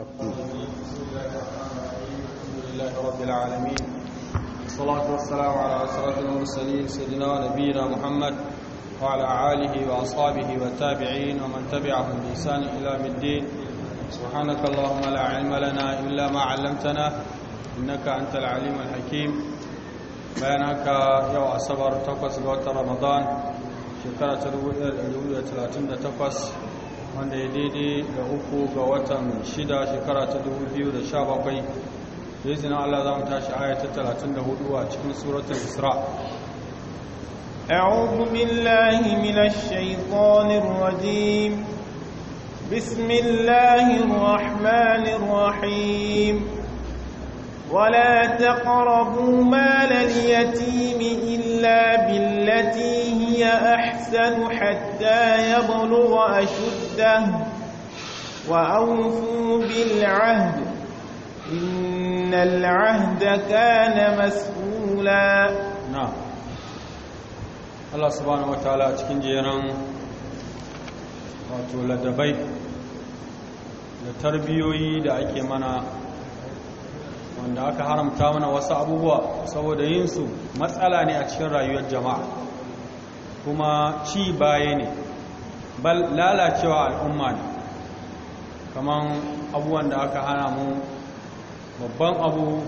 لله رب العالمين والصلاة والسلام على أسرة المرسلين سيدنا ونبينا محمد وعلى آله وأصحابه والتابعين ومن تبعهم بإحسان إلى الدين سبحانك اللهم لا علم لنا إلا ما علمتنا إنك أنت العليم الحكيم بينك يوم أصبر تقص رمضان شكرا تلوية 30 تقص wanda ya daidai ga uku ga watan shida shekara ta dubu biyu da sha bakwai da izinin Allah za mu tashi aya ta talatin da hudu a cikin suratul isra أعوذ بالله من الشيطان الرجيم بسم الله الرحمن الرحيم ولا تقربوا مال اليتيم إلا بالتي هي أحسن حتى يبلغ أشده العدة وأوفوا بالعهد إن العهد كان مسؤولا نعم الله سبحانه وتعالى cikin jeran wato ladabai da tarbiyoyi da ake mana wanda aka haramta mana wasu abubuwa saboda yin su matsala ne a cikin rayuwar jama'a kuma ci baya ne bal lalacewa al'umma ne kamar abubuwan da aka hana mu babban abu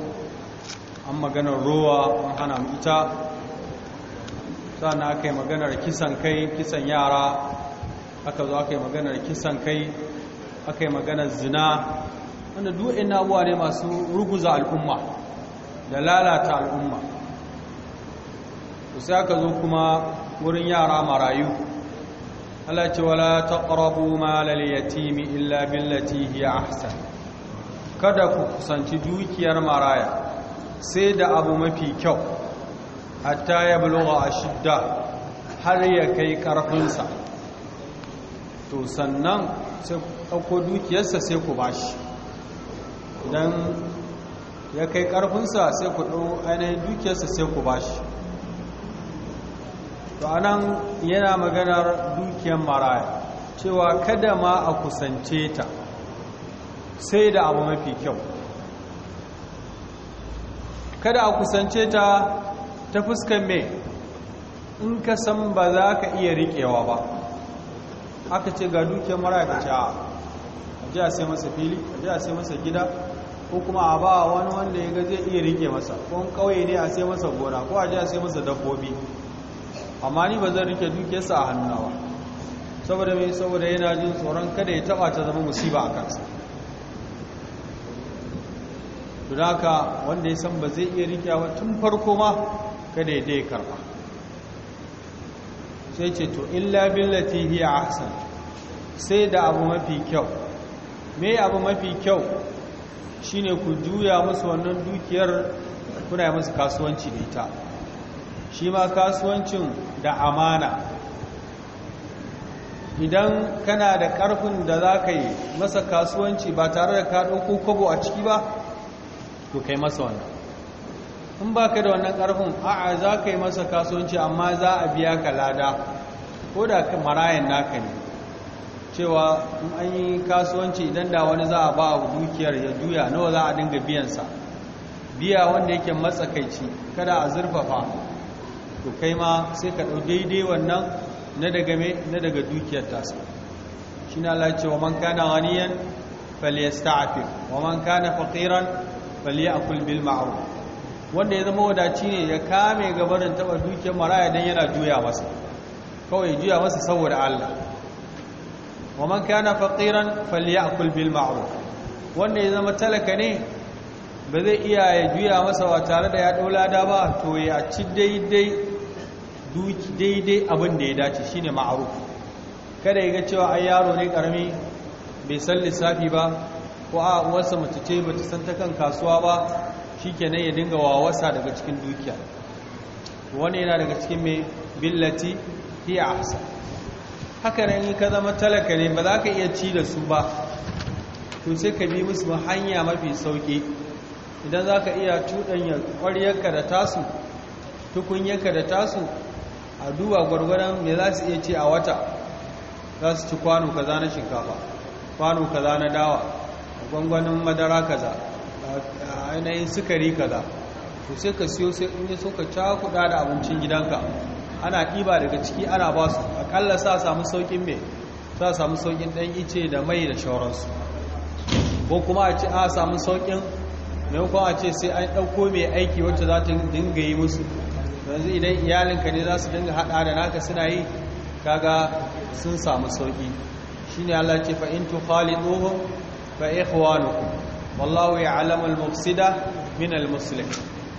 an maganar rowa an hana mu ita sannan aka yi maganar kisan kai kisan yara aka zo aka yi maganar kisan kai aka yi maganar zina wanda duwa'in na abuwa ne masu ruguza al'umma da lalata al'umma sai aka zo kuma wurin yara marayu Allah ce wala taqrabu malal yatimi illa billati ya ahsan kada ku kusanci dukiyar maraya sai da abu mafi kyau hatta ya a shidda har ya kai ƙarfinsa, to sannan sai ɗauko dukiyarsa sai ku bashi don ya kai ƙarfinsa sai ku ɗau ainihin dukiyarsa sai ku bashi to a nan yana maganar dukiyar maraya cewa kada ma a kusance ta sai da abu mafi kyau kada a kusance ta ta fuskan mai in ka san ba za ka iya riƙewa ba aka ce ga dukiyar maraya ka ce ji a sai masa fili a ji a sai masa gida ko kuma a ba wani wanda ya ga zai iya rike masa ko kawai ne a sai masa gona ko a ji a sai masa dabbobi amma ni ba zan rike dukiyarsa a hannuna ba saboda mai saboda yana jin tsoron kada ya taba ta zama musiba a kansa tunaka wanda ya san ba zai iya rikewa tun farko ma kada ya dai karba sai ce to illa billati a ahsan sai da abu mafi kyau me abu mafi kyau shine ku juya musu wannan dukiyar kuna yi musu kasuwanci da ita shi ma kasuwancin da amana idan kana da ƙarfin da za ka yi masa kasuwanci ba tare da ka ɗauko kwabo a ciki ba to kai masa wannan in ba ka da wannan ƙarfin a'a za ka yi masa kasuwanci amma za a biya ka lada ko da marayan naka ne cewa in an yi kasuwanci idan da wani za a ba a dukiyar ya duya, nawa za a dinga biyansa biya wanda yake matsakaici kada a zurfafa to kai ma sai ka ɗau daidai wannan na daga me na daga dukiyar tasa shi na Allah ce wa man kana falle falyasta'fif wa man kana falle falyakul bil ma'ruf wanda ya zama wadaci ne ya kame gabarin taɓa dukiyar maraya don yana juya masa kawai juya masa saboda Allah wa man kana falle falyakul bil ma'ruf wanda ya zama talaka ne ba zai iya ya juya masa ba tare da ya ɗau da ba to ya ci daidai daidai abin da ya dace shine ma'aruf kada ya ga cewa ai yaro ne karami bai san lissafi ba ko a uwarsa mace ce bata san ta kan kasuwa ba shikenan ya dinga wawasa daga cikin dukiya wani yana daga cikin mai billati hi ahsa haka nan ka zama talaka ne ba za ka iya ci da su ba to sai ka bi musu hanya mafi sauki idan za ka iya cuɗanya ƙwaryarka da tasu tukunyarka da tasu a duba gwargwaron me za su iya ce a wata za su ci kwano kaza na shinkafa kwano kaza na dawa gwangwanin madara kaza a yanayin sukari kaza to sai ka siyo sai in yi so ka kuɗa da abincin gidanka ana ɗiba daga ciki ana ba su aƙalla sa samu sauƙin mai sa samu sauƙin ɗan ice da mai da shauransu ko kuma a ce a samu sauƙin maimakon a ce sai an ɗauko mai aiki wacce za ta dinga yi musu yanzu idan iyalinka ne za su dinga hada da naka suna yi kaga sun samu sauki shi ne Allah ce fa'in tu khaliduhu fa ikhwanukum wallahu ya'lamu al-mufsida min al-muslim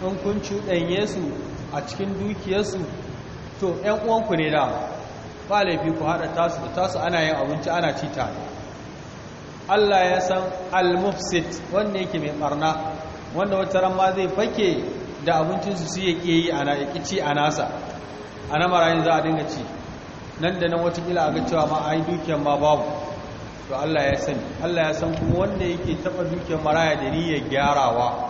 in kun cuɗanye su a cikin dukiyarsu to ɗan uwanku ne da ba laifi ku haɗa tasu da tasu ana yin abinci ana ci Allah ya san al-mufsid wanda yake mai ɓarna. wanda wata ran zai fake da abincinsu su ya ke yi ana ya a nasa a na marayin za a dinga ci nan da nan watakila a ga cewa ma a yi dukiyar ma babu to allah ya sani allah ya san kuma wanda yake taba dukiyar maraya da niyyar gyarawa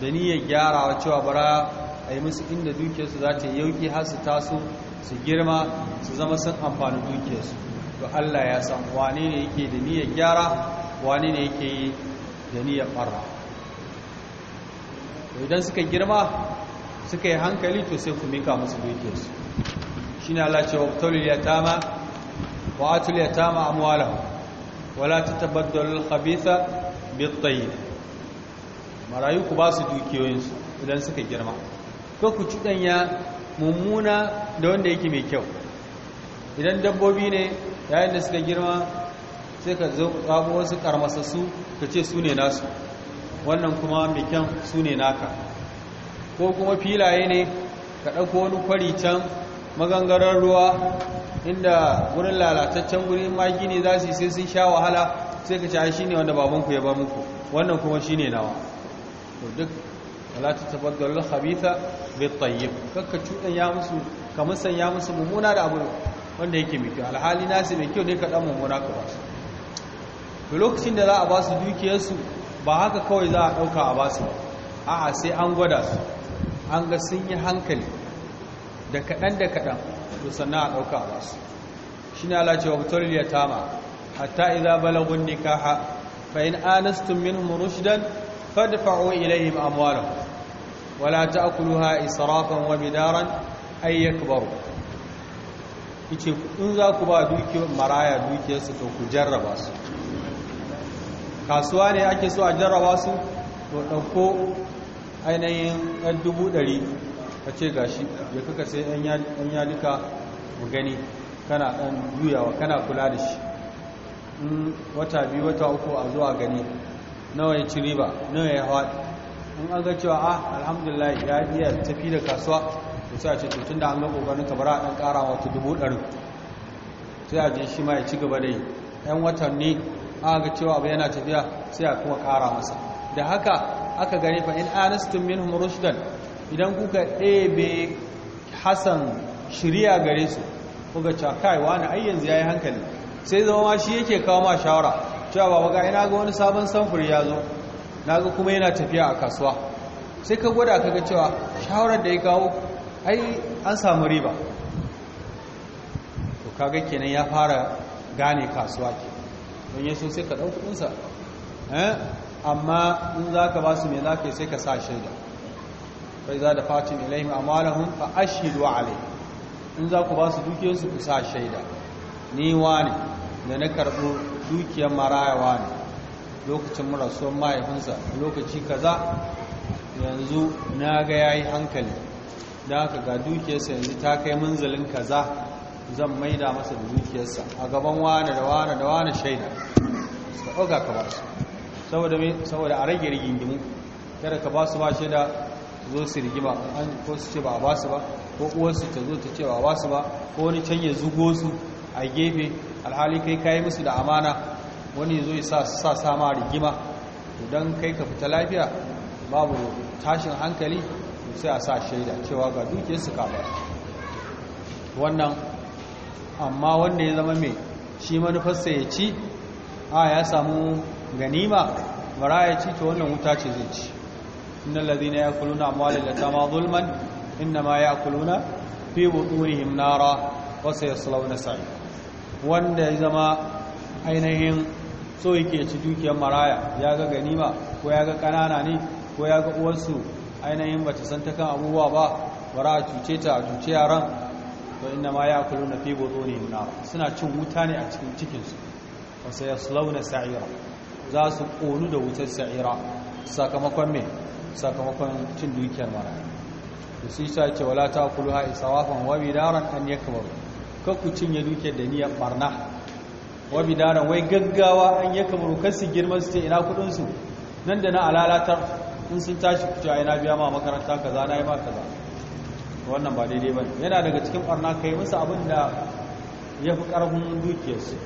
da niyyar gyarawa cewa bara a yi musu inda dukiyarsu za ta yauki har su taso su girma su zama sun amfani dukiyarsu to allah ya san wane ne yake da niyyar gyara wane ne yake yi da niyyar ɓarra to idan suka girma suka yi hankali to sai ku mika musu dukiyarsu shi ne Allah ce wa ya tama wa atul yatama amwalahu wala tatabaddalu al-khabitha bit-tayyib marayu ku ba su dukiyoyinsu idan suka girma ko ku ci danya mummuna da wanda yake mai kyau idan dabbobi ne yayin da suka girma sai ka zo wasu karmasassu ka ce su ne nasu wannan kuma mai kyan su ne naka ko kuma filaye ne ka ɗauko wani kwari can magangarar ruwa inda wurin lalataccen ma gini za su yi sai sun sha wahala sai ka ci shi ne wanda babanku ya ba muku wannan kuma shi ne nawa to duk da tabaggalul khabitha bit tayyib kakka cudan ya musu ka ya musu mummuna da abu wanda yake mai kyau alhali nasi mai kyau ne ka dan mummuna ka ba su lokacin da za a ba su ba haka kawai za a ɗauka a basu a'a sai an gwada su an ga sun yi hankali da kaɗan da kaɗan su sannan a ɗauka a basu shi ne ala cewa liya ya tama hatta iza balagun nikaha fa in anastun min murushidan fadfa'o ilayhim amwalan wala ta ha israfan wa bidaran ay Ku ce in za ku ba dukiyar maraya dukiyarsu to ku jarraba su kasuwa ne ake so a jarraba su to ɗauko ainihin ɗan dubu ɗari ka ce gashi ya kaka sai ɗan duka mu gani kana ɗan juyawa kana kula da shi wata biyu wata uku a zuwa gani nawa ya ci riba nawa ya hawa in an ga cewa ah alhamdulillah ya iya tafi da kasuwa to sai a ce to tunda an ga ƙoƙarin ka bara ɗan ƙara wata dubu ɗari sai a ji shi ma ya ci gaba da yi ɗan watanni aka ga cewa abu yana tafiya sai a kuma kara masa da haka aka gani fa in anastum minhum rushdan idan kuka ɗebe hasan shirya gare su kuka cewa kai wani ai yanzu yayi hankali sai zama ma shi yake kawo ma shawara cewa baba ga ina ga wani sabon samfuri ya zo naga kuma yana tafiya a kasuwa sai ka gwada kaga cewa shawarar da ya kawo ai an samu riba to kaga kenan ya fara gane kasuwa ke in sun sai ka ɗau kudinsa eh? amma in za ka ba su mai za ka sai ka sa shaida bai za da fatin ilaihim amalahun fa ashidu alai in za ku ba su dukiyarsu ku sa shaida ni wani da na karɓo dukiyar marayawa ne lokacin marasuwan mahaifinsa lokaci kaza yanzu na ga ya yi hankali da aka ga dukiyarsa yanzu ta kai munzalin kaza zan maida masa da dukiyarsa a gaban wane da wane da wane shaida suka ɗauka ka ba su saboda a rage rigingimu kada ka ba su ba shaida zo su rigima ko su ce ba a ba su ba ko uwarsu ta zo ta ce ba a ba su ba ko wani can ya zugo su a gefe alhali kai kayi musu da amana wani ya zo ya sa sama rigima don kai ka fita lafiya babu tashin hankali sai a sa shaida cewa ga dukiyarsu ka ba wannan amma wanda ya zama mai shi manufarsa ya ci a ya samu ganima bara ya ci to wannan wuta ce zai ci ya ladina yakuluna amwalal ma zulman ya kuluna fi butunihim nara salau na sa'i wanda ya zama ainihin so yake ci dukiyar maraya ya ga ganima ko ya ga kanana ne ko ya ga uwarsu ainihin ba ta san ta kan abubuwa ba bara a cuce ta a cuce yaran to ina ma na fi ne na suna cin wuta ne a cikin cikinsu fa sayaslawna sa'ira za su ƙonu da wutar sa'ira sakamakon me sakamakon cin dukiyar mara su yi sa ce wala isa wafan wabi daren an yakbaru ka ku cinye dukiyar da niyan barna wabi daren wai gaggawa an yakbaru kar su girma su ce ina kudinsu nan da na alalatar in sun tashi ku ce ina biya ma makaranta kaza na yi ma kaza wannan ba daidai ba yana daga cikin ɓarna kai musu abin da ya fi ƙarfin dukiyarsu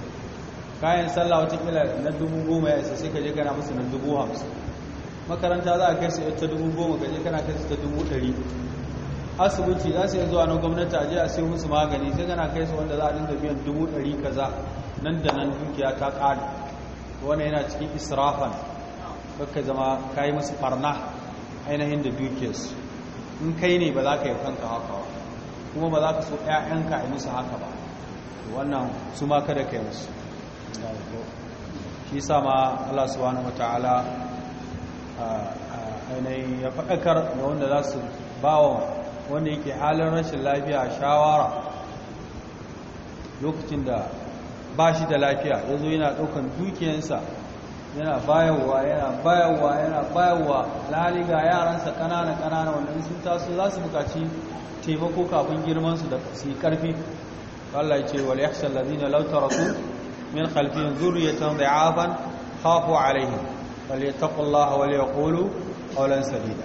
kayan sallah kila na dubu goma ya isa sai ka je kana musu na dubu hamsin makaranta za a kai su ta dubu goma ka je kana kai su ta dubu ɗari asibiti za su yi zuwa na gwamnati a je a sai musu magani sai kana kai su wanda za a dinga biyan dubu ɗari kaza nan da nan dukiya ta ƙare wannan yana cikin israfan kakka zama ka yi musu ɓarna ainihin da dukiyarsu in kai ne ba za ka yi kanka haka ba kuma ba za ka so ‘ya'yanka a musu haka ba wannan su ma kada ka yi musu shi sama Allah wani wata'ala ainihin ya faɗakar da wanda za su bawa wanda yake halin rashin lafiya shawara lokacin da ba shi da lafiya ya zo yana ɗaukan dukiyansa yana bayarwa yana bayarwa yana bayarwa laliga yaransa kanana kanana wanda sun taso za su bukaci taimako kafin girman su da su karfi Allah ya ce wal yahsal ladina law taraku min khalfihim zurriyatan dha'afan khafu alaihim falyattaqullaha wal yaqulu qawlan sadida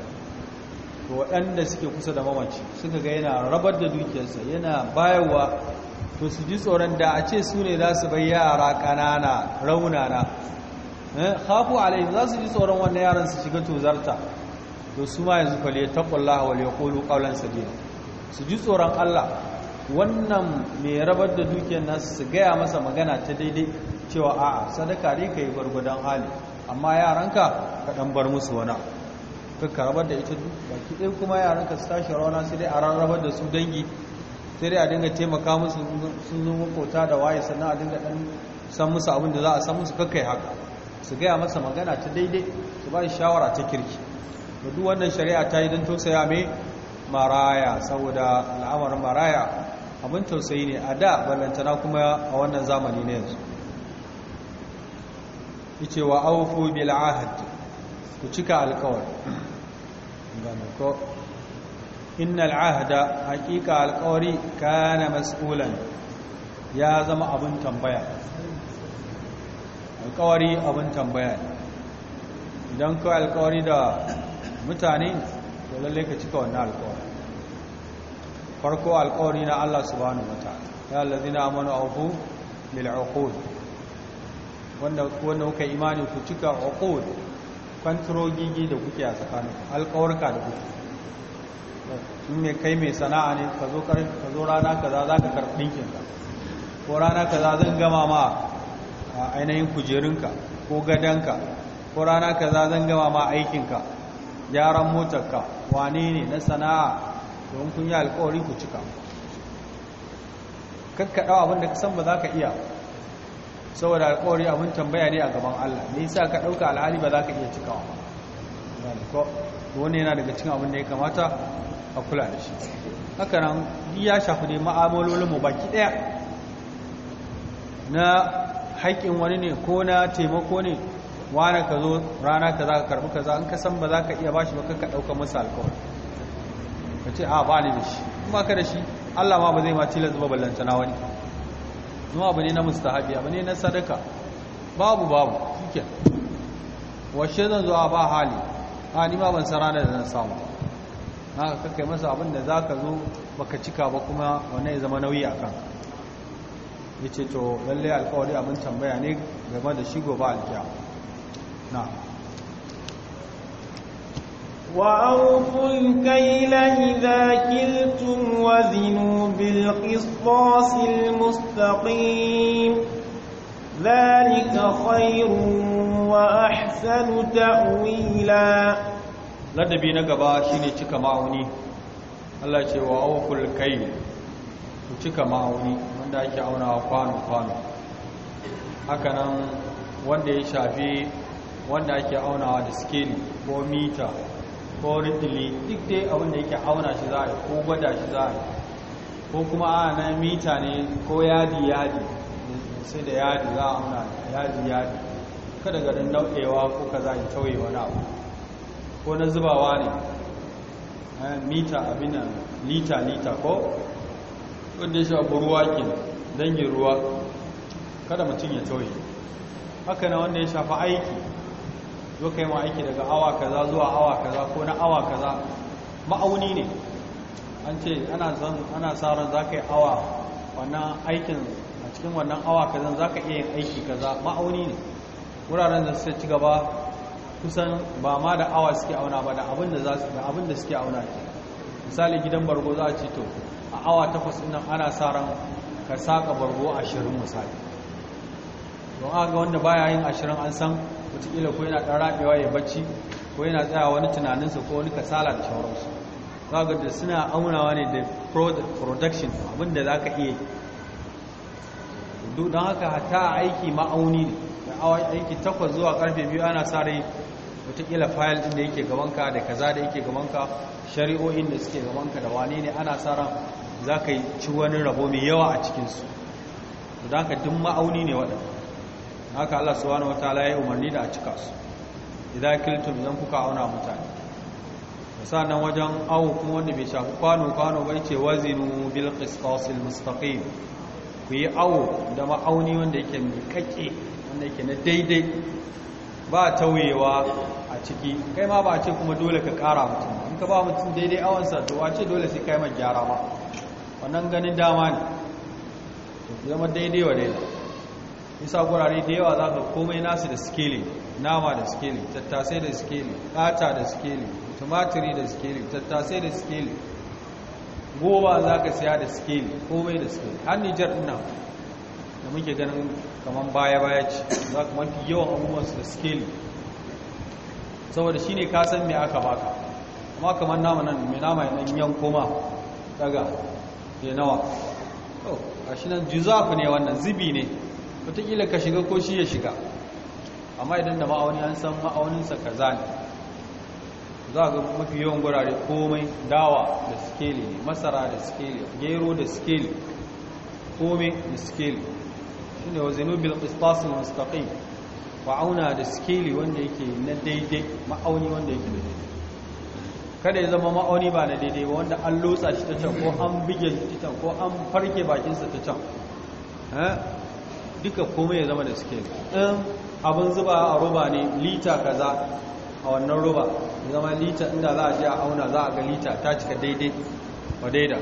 to waɗanda suke kusa da mamaci suka ga yana rabar da dukiyarsa yana bayarwa to su ji tsoron da a ce su ne za su bayyana yara ƙanana raunana Eh, khafu alaihi za su ji tsoron wannan yaran su shiga tozarta to su ma yanzu fa liyattaqullaha wal yaqulu qawlan sadida su ji tsoron Allah wannan mai rabar da dukiyar nasu su gaya masa magana ta daidai cewa a'a sadaka dai kai gurgudan hali amma yaranka ka dan bar musu wani ka karabar da ita baki ɗaya kuma yaranka su tashi rawana sai dai a rarrabar da su dangi sai dai a dinga taimaka musu sun zo makota da waye sannan a dinga dan san musu abin da za a san musu kakai haka su gaya masa magana ta daidai su ba shi shawara ta kirki da duk wannan shari'a ta yi don tausaya mai maraya saboda al'amarin maraya abin tausayi ne a da ballantana kuma a wannan zamani na yanzu yace wa awfu bil ahd ku cika alƙawari inna ko ahda alƙawari kana mas'ulan ya zama abin tambaya alkawari abin tambaya ne idan ka alkawari da mutane to lalle ka cika wannan alkawari farko alkawari na Allah subhanahu wataala ya allazina amanu awfu lil uqud wanda wanda kuka imani ku cika uqud kwantro gigi da kuke a tsakanin alkawarka da kuke in ne kai mai sana'a ne ka zo rana kaza za ka karɓi ɗinkinka ko rana kaza zan gama ma A ainihin kujerunka ko gadonka ko rana kaza zan gama ma aikinka gyaran motarka wane ne na sana'a don kun yi alkawari ku cika kakkaɗa abin da ka san ba za ka iya saboda alkawari abin tambaya ne a gaban Allah me yasa ka ɗauka alhali ba za ka iya cikawa ba yana daga cikin abin da ya kamata a kula da shi haka nan ya shafi ne ma'amalolin mu baki ɗaya na haƙƙin wani ne ko na taimako ne wane ka zo rana ka za ka karɓi ka za in ka san ba za ka iya ba shi ba ka ɗauka masa alkawar ka ce a ba ni da shi kuma ka da shi allah ma ba zai ma tilas ba ballanta na wani zuwa abu ne na mustahabi abu ne na sadaka babu babu shike washe zan zuwa ba hali a ni ma ban san ranar da zan samu haka kakai masa abin da za ka zo baka cika ba kuma wannan ya zama nauyi a kanka ya ce to lallai alkawari abin tambaya ne game da shigo ba alkiya na وأوفوا الكيل إذا كلتم وزنوا بالقصطاس المستقيم ذلك a وأحسن ta'wila. ladabi na gaba shine cika ma'auni Allah ce wa awful kai ku cika ma'auni wanda ake aunawa kwano-kwano hakanan wanda ya shafi wanda ake aunawa da skin ko mita ko ridili duk dai abinda yake auna shi za a yi ko gwada shi za a yi ko kuma a na mita ne ko yadi-yadi sai da yadi za a auna yadi-yadi kada garin daukewa ko ka za a yi tauye wani abu ko na zubawa ne eh, mita abinan lita-lita ko wanda ya shafi ruwa ke dangin ruwa kada mutum ya tauye haka na wanda ya shafi aiki zo kai ma aiki daga awa kaza zuwa awa kaza ko na awa kaza ma'auni ne an ce ana sa ran za ka yi awa wannan aikin a cikin wannan awa kazan za ka iya yin aiki kaza ma'auni ne wuraren da suka ci gaba kusan ba ma da awa suke auna ba da abin da suke auna ke misali gidan bargo za a ce to a awa takwas nan ana sa ran ka saka bargo ashirin misali don aga wanda baya yin ashirin an san wataƙila ko yana ɗan raɓewa ya bacci ko yana tsaya wani tunaninsa ko wani kasala da shawararsu za ga da suna aunawa ne da production abinda za ka iya don haka hata aiki ma'auni ne da awa aiki takwas zuwa karfe biyu ana sa rai watakila fayil ɗin da yake gabanka da kaza da yake gabanka shari'o'in da suke gaban ka da wane ne ana tsara za ka yi ci wani rabo mai yawa a cikinsu su ka duk ma'auni ne waɗanda haka Allah su wani wata layi umarni da a cika su idan kiltum zan kuka auna mutane sa nan wajen awo kuma wanda bai shafi kwano kwano bai ce wazinu bil qistasil mustaqim ku yi awo da ma'auni wanda yake mai kake wanda yake na daidai ba tauyewa a ciki kai ma ba a ce kuma dole ka ƙara mutum ba. ka ba mutum daidai awansa to wace dole sai kai mai gyara ba wannan ganin dama ne to zama daidai wa daidai isa gurare da yawa za ka komai nasu da skeli nama da skeli tattasai da skeli ɗata da skeli tumatiri da skeli tattasai da skeli goma za ka siya da skeli komai da skeli har nijar ɗina da muke ganin kamar baya-baya ce za ka mafi yawan abubuwansu da skeli saboda shine ne kasan me aka baka amma kamar nama nan mai nama ya nan yanko daga ya nawa to shi nan juzaf ne wannan zibi ne watakila ka shiga ko shi ya shiga amma idan da ma'auni an san ma'auninsa kaza ne za ga mafi yawan gurare komai dawa da skeli ne masara da skeli gero da skeli komai da skeli shi ne wa bil qistasin mustaqim auna da skeli wanda yake na daidai ma'auni wanda yake daidai kada ya zama ma'auni ba na daidai ba wanda an lotsa shi ta can ko an bige shi ta can ko an farke bakinsa ta can eh? duka komai ya zama da suke ɗin abin zuba a roba ne lita kaza a wannan roba ya zama lita inda za a je a auna za a ga lita ta cika daidai wa daida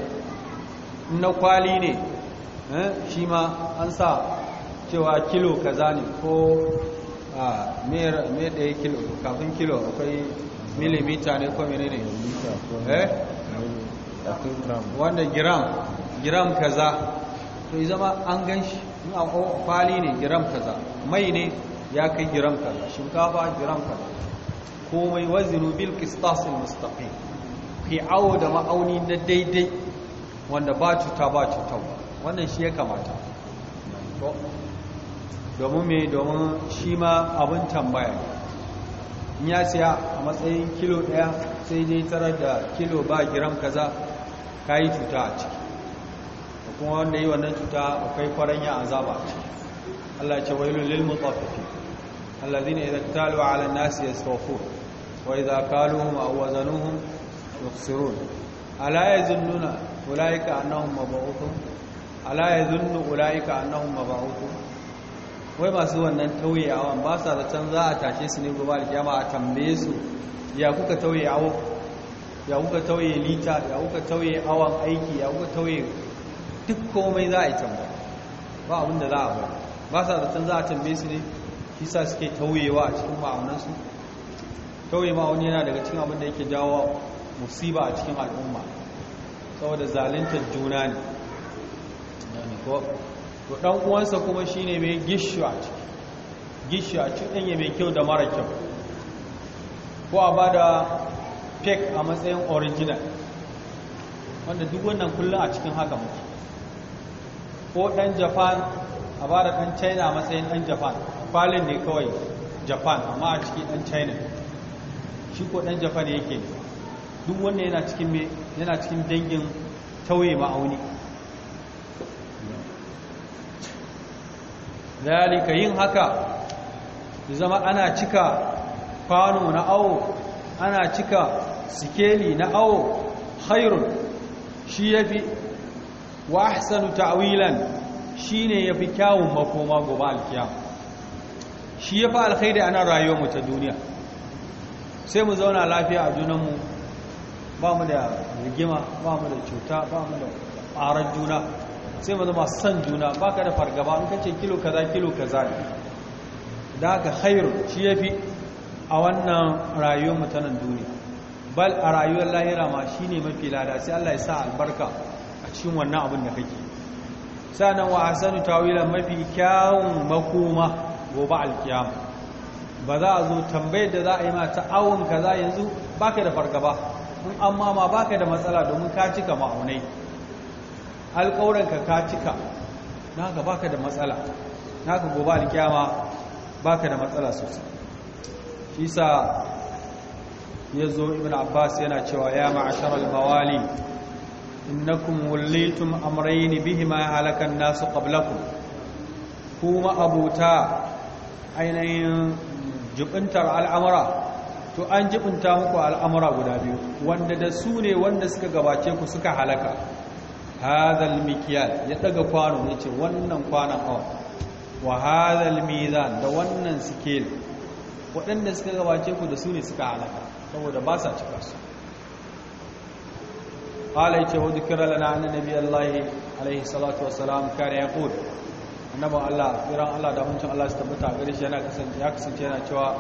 na kwali ne eh, shi ma an sa cewa kilo kaza ne ko a ah, mai ɗaya kilo kafin kilo akwai milimita ne ko mene ne eh? wanda giram giram kaza to yi zama an gan shi a kwali ne giram kaza mai ne ya kai giram kaza shinkafa giram kaza komai wazinu bil qistasil mustaqim fi awo da ma'auni na daidai wanda ba cuta ba cuta wannan shi ya kamata domin me domin shi ma abin tambaya ya siya a matsayin kilo ɗaya sai dai tarar da kilo ba giram kaza ka yi cuta a ciki da kuma wanda yi wannan cuta akwai kwaranya azaba a ciki Allah ce wailu lil mutaffifi alladhina idza talu ala an-nasi yastawfun wa idza kaluhum aw wazanuhum yukhsirun ala yazunnuna ulaika annahum mab'uthun ala yazunnu ulaika annahum mab'uthun wai masu wannan tauye awon ba sa zaton za a tashe su ne gobe alkiyama a tambaye su ya kuka tauye awon ya kuka tauye lita ya kuka tauye awon aiki ya kuka tauye duk komai za a yi tambaya ba abin da za a bari ba sa zaton za a tambaye su ne kisa suke tauyewa a cikin ma'aunansu tauye ma'auni yana daga cikin abin da yake jawo musiba a cikin al'umma saboda zaluntar juna ne to dan uwansa kuma shine mai gishu a ciki gishu a cuɗanya mai kyau da mara kyau ko a bada pek a matsayin original wanda duk wannan kullum a cikin haka muke ko ɗan japan a bada ɗan china a matsayin ɗan japan falin ne kawai japan amma a ciki ɗan china shi ko ɗan japan yake duk wannan yana cikin dangin tauye ma'auni zalika yin haka zama ana cika kwano na awo ana cika sikeli na awo khairun shi yafi wa ahsanu ta'wilan shine yafi kyawun makoma gobe alkiyama shi yafi alkhairi ana rayuwar mu ta duniya sai mu zauna lafiya a junanmu ba mu da rigima ba mu da cuta ba mu da ƙarar juna sai maza masu son juna ka da fargaba an kace kilo kaza kilo kaza ne da aka khairu shi ya fi a wannan rayuwar mutanen duniya bal a rayuwar lahira ma ne mafi lada sai Allah ya sa albarka a cikin wannan abin da kake sanan wa asanu tawila mafi kyawun makoma gobe alkiyama ba za a zo tambayar da za a yi ma ta awon kaza yanzu ba ka da fargaba in amma ma ka da matsala domin ka cika ma'aunai alƙawuranka ka cika na ga baka da matsala na ga gobe alƙiyama baka da matsala sosai shi sa ya zo ibn abbas yana cewa ya ma'ashar al-mawali innakum wallitum amrayn bihima halaka an-nas qablakum kuma abuta ainihin jibintar al'amura to an jibinta muku al'amura guda biyu wanda da su ne wanda suka gabace ku suka halaka hadhal miqyal ya daga kwano yace wannan kwanon awa wa hadhal mizan da wannan scale waɗanda suka gabace ku da su ne suka halaka saboda ba sa cika su qala yace wa dhikra lana anna nabiyallahi Alayhi salatu wassalam kana yaqul annabi Allah kiran Allah da hukuncin Allah su tabbata gare shi yana kasance ya kasance yana cewa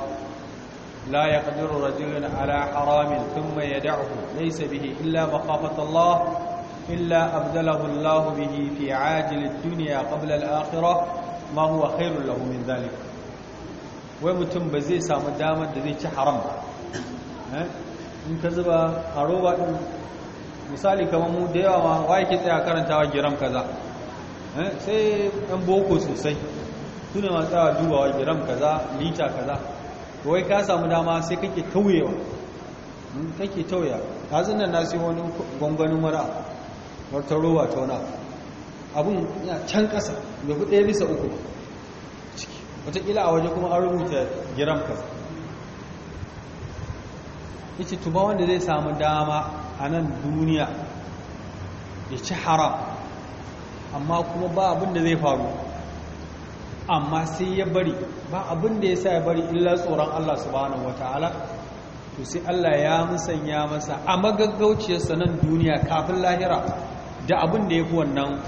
لا يقدر رجل على حرام ثم يدعه ليس به illa مخافة الله إلا أبدله الله به في عاجل الدنيا قبل الآخرة ما هو خير له من ذلك ومتم بزي سامو دامر da zai ci haram in ka zuba a roba din misali kamar mu da yawa wa yake tsaya karantawa giram kaza sai ɗan boko sosai suna masu tsawa dubawa giram kaza lita kaza wai ka samu dama sai kake tauyewa kake tauya ta zinan na sai wani gwangwanin mara wata ruwa ta wani abu abin can ƙasa bai fi ɗaya bisa uku ciki wataƙila a waje kuma an rubuta giram kasa yace tuba wanda zai samu dama a nan duniya ya ci haram amma kuma ba abin da zai faru amma sai ya bari ba abin da ya sa ya bari illa tsoron Allah subhanahu wataala to sai Allah ya musanya masa a magaggauciyarsa nan duniya kafin lahira da abin da ya fi wannan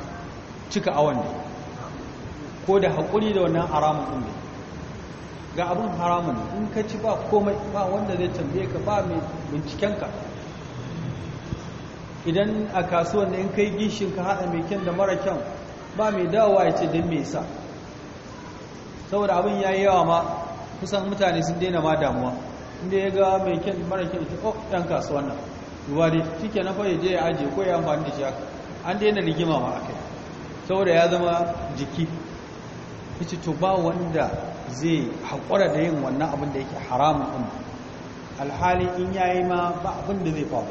cika awon ne ko da haƙuri da wannan haramun ɗin ne ga abin haramun in ka ci ba komai ba wanda zai tambaye ka ba mai bincikenka idan a kasuwan da in kai gishin ka haɗa mai kyan da mara kyan ba mai dawowa ya ce don mai sa saboda abin ya yi yawa ma kusan mutane sun daina ma damuwa inda ya ga mai kyan mara kyan ya ce oh ɗan kasuwan nan ruwa dai shi na fa ya je ya ajiye ko ya amfani da shi haka an daina rigima ma yi saboda ya zama jiki yace to ba wanda zai haƙura da yin wannan abin da yake haramun ɗin alhali in ya yi ma ba abin da zai faru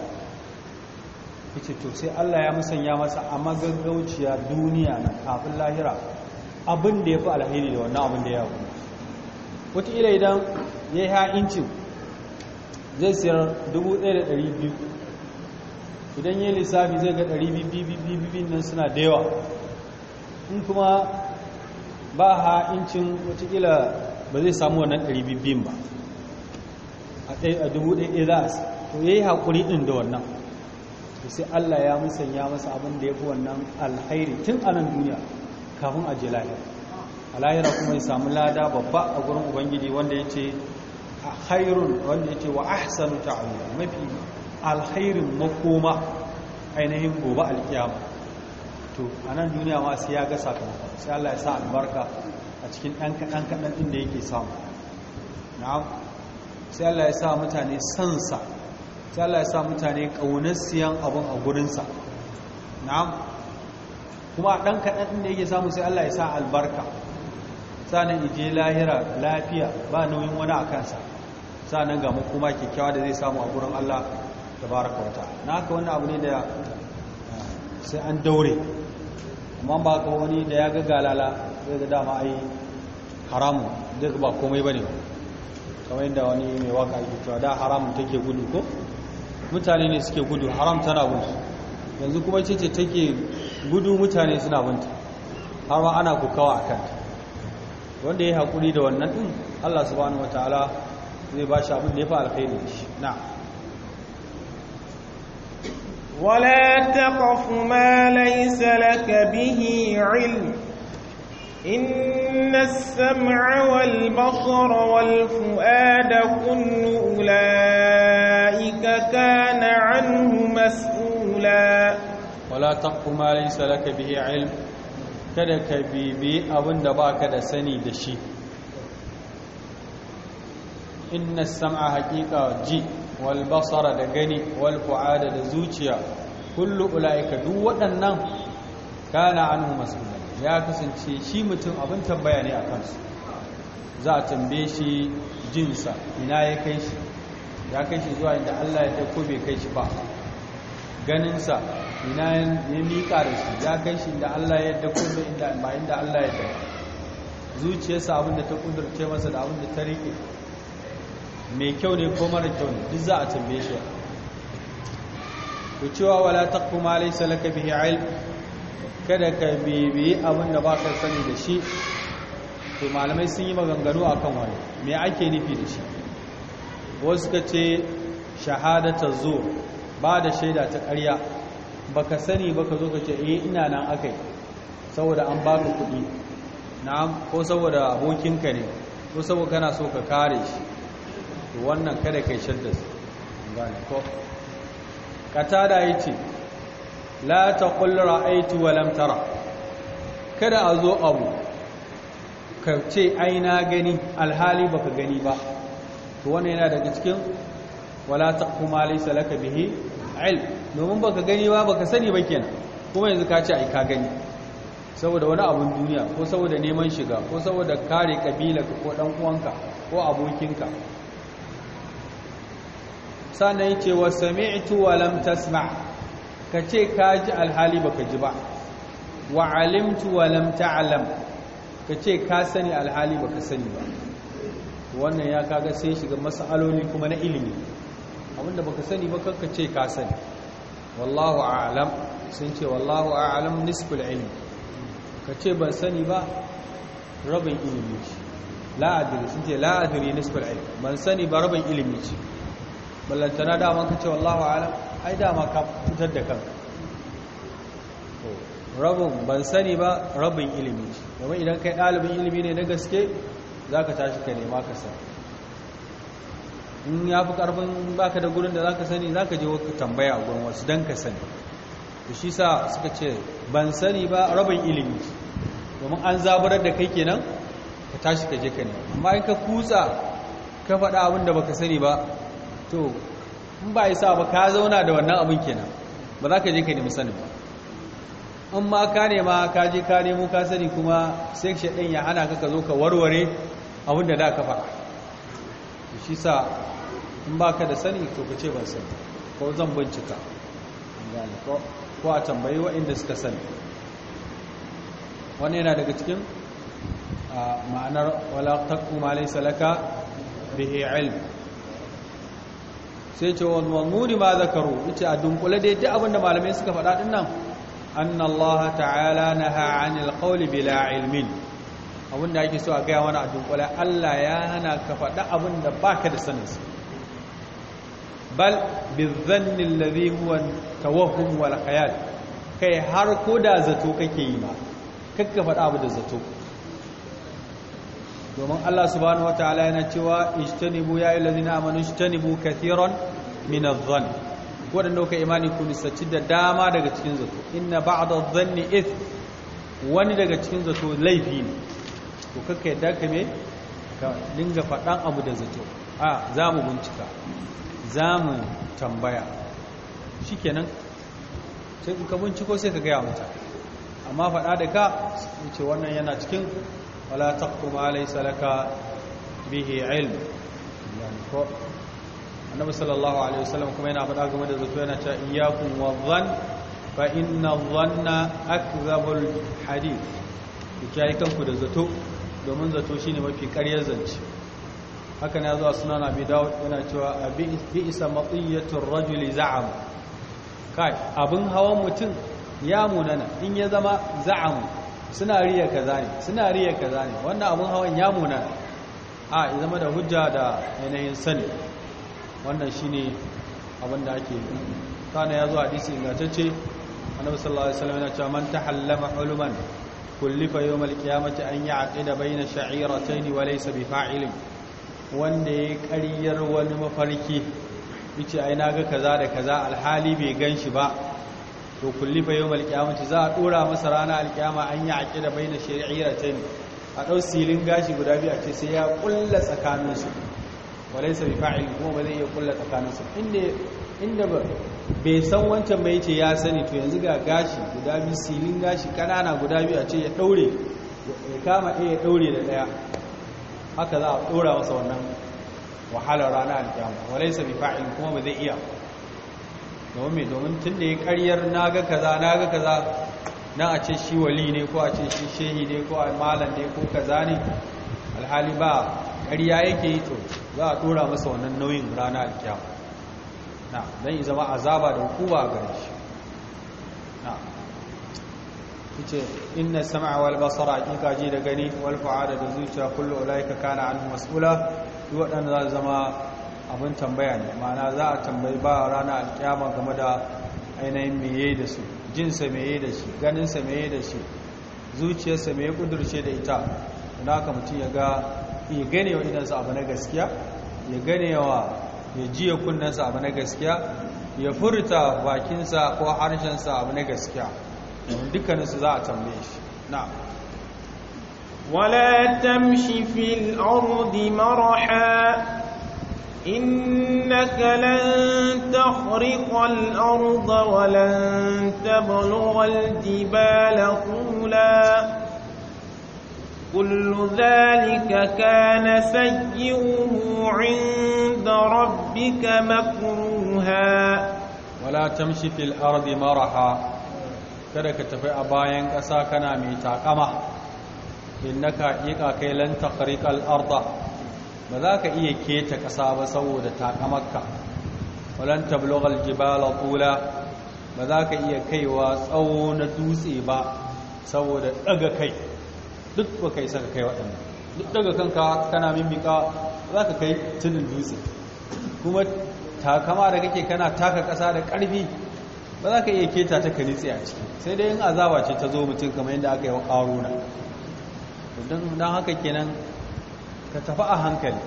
yace to sai Allah ya musanya masa a magaggauciya duniya na kafin lahira abin da ya fi alheri da wannan abin da ya haƙura wata idan ya yi ha'incin zai siyar 1200 idan yi lissafi zai ga ɗari bibibibibin nan suna da yawa in kuma ba ha incin watakila ba zai samu wannan ɗari ba a dubu ɗaya za a to ya yi haƙuri ɗin da wannan to sai allah ya musanya masa abin da ya fi wannan alhairi tun a nan duniya kafin a je lahira a lahira kuma ya samu lada babba a gurin ubangiji wanda ya ce a hairun wanda ya ce wa ahsanu ta'awiyya mafi alkhairin makoma ainihin gobe alkiyama to a nan duniya ma sai ya ga sakamakon sai Allah ya sa albarka a cikin ɗan kaɗan kaɗan ɗin da yake samu na'am sai Allah ya sa mutane sansa sai Allah ya sa mutane ƙaunar siyan abin a gurinsa na'am kuma a ɗan kaɗan ɗin da yake samu sai Allah ya sa albarka sanin ije lahira lafiya ba nauyin wani a kansa sanin ga makoma kyakkyawa da zai samu a gurin Allah tabaraka wata na haka wani abu ne da eh, sai an daure amma ba ka wani da ya ga galala zai ga dama ai haramu duk ba komai ba ne kamar yadda wani mai waka ake cewa da haramun take gudu ko mutane ne suke gudu haram tana gudu yanzu kuma ce ce take gudu mutane suna binta har ma ana kokawa a kanta wanda ya yi haƙuri da wannan ɗin allah subhanahu wataala zai ba shi abin da ya fi alkhairi shi na'am ولا تقف ما ليس لك به علم إن السمع والبصر والفؤاد كل أولئك كان عنه مسؤولا ولا تقف ما ليس لك به علم kada ka bibi abin da baka da sani da shi inna sam'a haƙiƙa ji wal basara da gani wal fu'ada da zuciya kullu ulaika duk waɗannan kana anhu masulun ya kasance shi mutum abin tambaya ne a su. za a tambaye shi jinsa ina ya kai shi ya kai shi zuwa inda Allah ya tako bai kai shi ba ganinsa ina ya miƙa da shi ya kai shi inda Allah ya tako bai inda Allah ya tako zuciyarsa abinda ta kudurce masa da abinda ta rike mai kyau ne ko mara kyau ne duk za a tambaye shi ku cewa wala ta ma laysa laka bihi ilm kada ka bibiyi abin da baka sani da shi to malamai sun yi maganganu akan wani me ake nufi da shi wasu suka ce shahadata zo ba da shaida ta ƙarya baka sani baka zo ka ce eh ina nan akai saboda an baka kuɗi na' ko saboda abokinka ne ko saboda kana so ka kare shi to wannan kada kai shadda su gane ko katada yace la taqul ra'aytu wa lam tara kada a zo abu ka ce aina gani alhali baka gani ba to wannan yana daga cikin wala taquma laysa laka bihi ilm domin baka gani ba baka sani ba kenan kuma yanzu ka ce ai ka gani saboda wani abun duniya ko saboda neman shiga ko saboda kare kabilarka ko dan uwanka ko abokinka sannan yace wa sami'tu wa lam tasma' kace kaji alhali baka ji ba wa alimtu wa lam ta'lam kace ka sani alhali baka sani ba wannan ya kaga sai shiga mas'aloli kuma na ilimi abinda baka sani ba kanka ce ka sani wallahu a'lam sun ce wallahu a'lam nisful ilm kace ban sani ba rabin ilimi ce la adri sun ce la adri nisful ilm ban sani ba rabin ilimi ce ballantana dama ka ce wallahu alam ai dama ka fitar da kan rabin ban sani ba rabin ilimi domin idan kai ɗalibin ilimi ne na gaske za ka tashi ka nema ka sani in ya fi ƙarfin baka da gurin da za ka sani za ka je wata tambaya a gurin wasu don ka sani da shi sa suka ce ban sani ba rabin ilimi domin an zaburar da kai kenan ka tashi ka je ka nema amma in ka kutsa ka faɗa abin da baka sani ba to in ba isa ba ka zauna da wannan abin kenan ba za ka je ka nemi sanin ba in ma ka nema ka je ka nemo ka sani kuma sai shaɗin ya hana ka ka zo ka warware abin da da ka faɗa shi sa in ba ka da sani to ka ce ban sani ko zan bincika ko a tambayi waɗanda suka sani wani yana daga cikin ma'anar wala taqu ma laka ilm sai ce wal mamuni ma zakaru wuce a dunkule dai duk abinda malamai suka faɗa din nan anna Allah ta'ala naha 'anil qawli bila ilmin abinda ake so a gaya wani a dunkule Allah ya hana ka faɗa abinda baka da sanin sa bal bizanni alladhi huwa tawahhum wal khayal kai har ko da zato kake yi ma kakka faɗa abu da zato domin Allah subhanahu wataala yana cewa ijtanibu ya ayyuhallazina amanu ijtanibu kathiran min adh-dhann wadanda kuka imani ku nisaci da dama daga cikin zato inna ba'da adh-dhanni ith wani daga cikin zato laifi ne to kaka yadda ka me ka dinga faɗan abu da zato a za mu bincika za mu tambaya shikenan sai ka binciko sai ka gaya mutane amma faɗa da ka ce wannan yana cikin ولا تقف ما ليس لك به علم النبي صلى الله عليه وسلم كما ينا فدا game da zato yana cewa iyyakum wadhann fa inna dhanna akdhabul hadith kiyaye kanku da zato domin zato shine mafi ƙaryar zance haka ne zuwa sunan abi dawud yana cewa abi isa matiyatu rajuli za'am kai abin hawan mutum ya munana in ya zama za'am suna riya kaza ne suna riya kaza ne wannan abun hawan ya muna a ya zama da hujja da yanayin sani wannan shine abin da ake yi. sana ya zo hadisi ingantacce annabi sallallahu alaihi wasallam yana cewa man tahallama uluman kullifa yawmal qiyamati an ya'qida bayna sha'iratayn wa laysa bi fa'ilin wanda ya ƙaryar wani mafarki yace ai naga kaza da kaza alhali bai ganshi ba to kullifa yawmal qiyamati za a dora masa rana alqiyama an ya aqida baina shari'atayn a dau silin gashi guda biyu a ce sai ya kulla tsakanin su walaysa bi fa'il kuma ba zai iya kulla tsakanin su inda inda ba bai san wancan bai ce ya sani to yanzu ga gashi guda biyu silin gashi kanana guda biyu a ce ya daure ya kama ɗaya ya daure da ɗaya haka za a dora masa wannan wahalar rana alqiyama walaysa bi fa'il kuma ba zai iya domin domin tun da ya karyar na ga kaza na ga kaza na a ce shi wali ne ko a ce shi shehi ne ko a malam ne ko kaza ne alhali ba karya yake yi to za a tura masa wannan nauyin rana alkiyama na don yi zama azaba da hukuma a shi na yace inna sam'a wal basara kika ji da gani wal fu'ada da zuciya kullu ulaika kana anhu mas'ula duk waɗanda za zama abin tambaya ne mana za a tambayi ba rana alkyama game da ainihin meye da su jinsa meye da shi ganinsa meye da shi zuciyarsa meye kudurce da ita don haka mutum ya ga ya gane wa idansa abu na gaskiya ya gane wa ya jiya kunnensa abu na gaskiya ya furta bakinsa ko harshensa abu na gaskiya dukkaninsu za a tambaye shi na ولا تمشي في الأرض مرحا إنك لن تخرق الأرض ولن تبلغ الجبال طولا كل ذلك كان سيئه عند ربك مكروها ولا تمشي في الأرض مرحا كذلك ka tafi a ميتا كما إنك إيقا كي لن تخرق الأرض ba za ka iya keta ƙasa ba saboda takamakka walan tablogal jibala tula ba za ka iya kaiwa tsawo na dutse ba saboda daga kai duk ba kai saka kai waɗannan duk daga kanka kana mimika za ka kai tunin dutse kuma takama da kake kana taka ƙasa da ƙarfi ba za ka iya keta ta kanitse a ciki sai dai yin azaba ce ta zo mutum kamar yadda aka yi wa ƙaruna don haka kenan ka tafi a hankali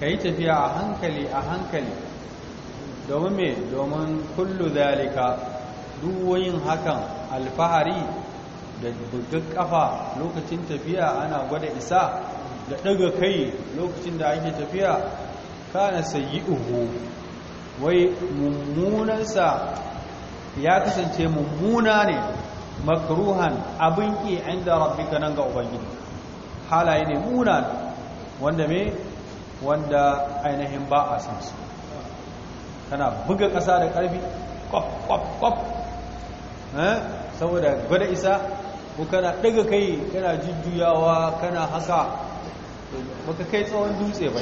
ka yi tafiya a hankali a hankali domin me domin kullu zalika duwoyin hakan alfahari da duk kafa lokacin tafiya ana gwada isa da daga kai lokacin da ake tafiya kana uhu. wai mummunansa ya kasance mummuna ne makruhan abin ki inda rabbika nan ga ubangiji halaye ne munan wanda me wanda ainihin ba a san su kana buga ƙasa da ƙarfi kwaf kwaf eh? saboda gwada isa ko kana daga kai kana jujjuyawa kana haka baka kai tsawon dutse ba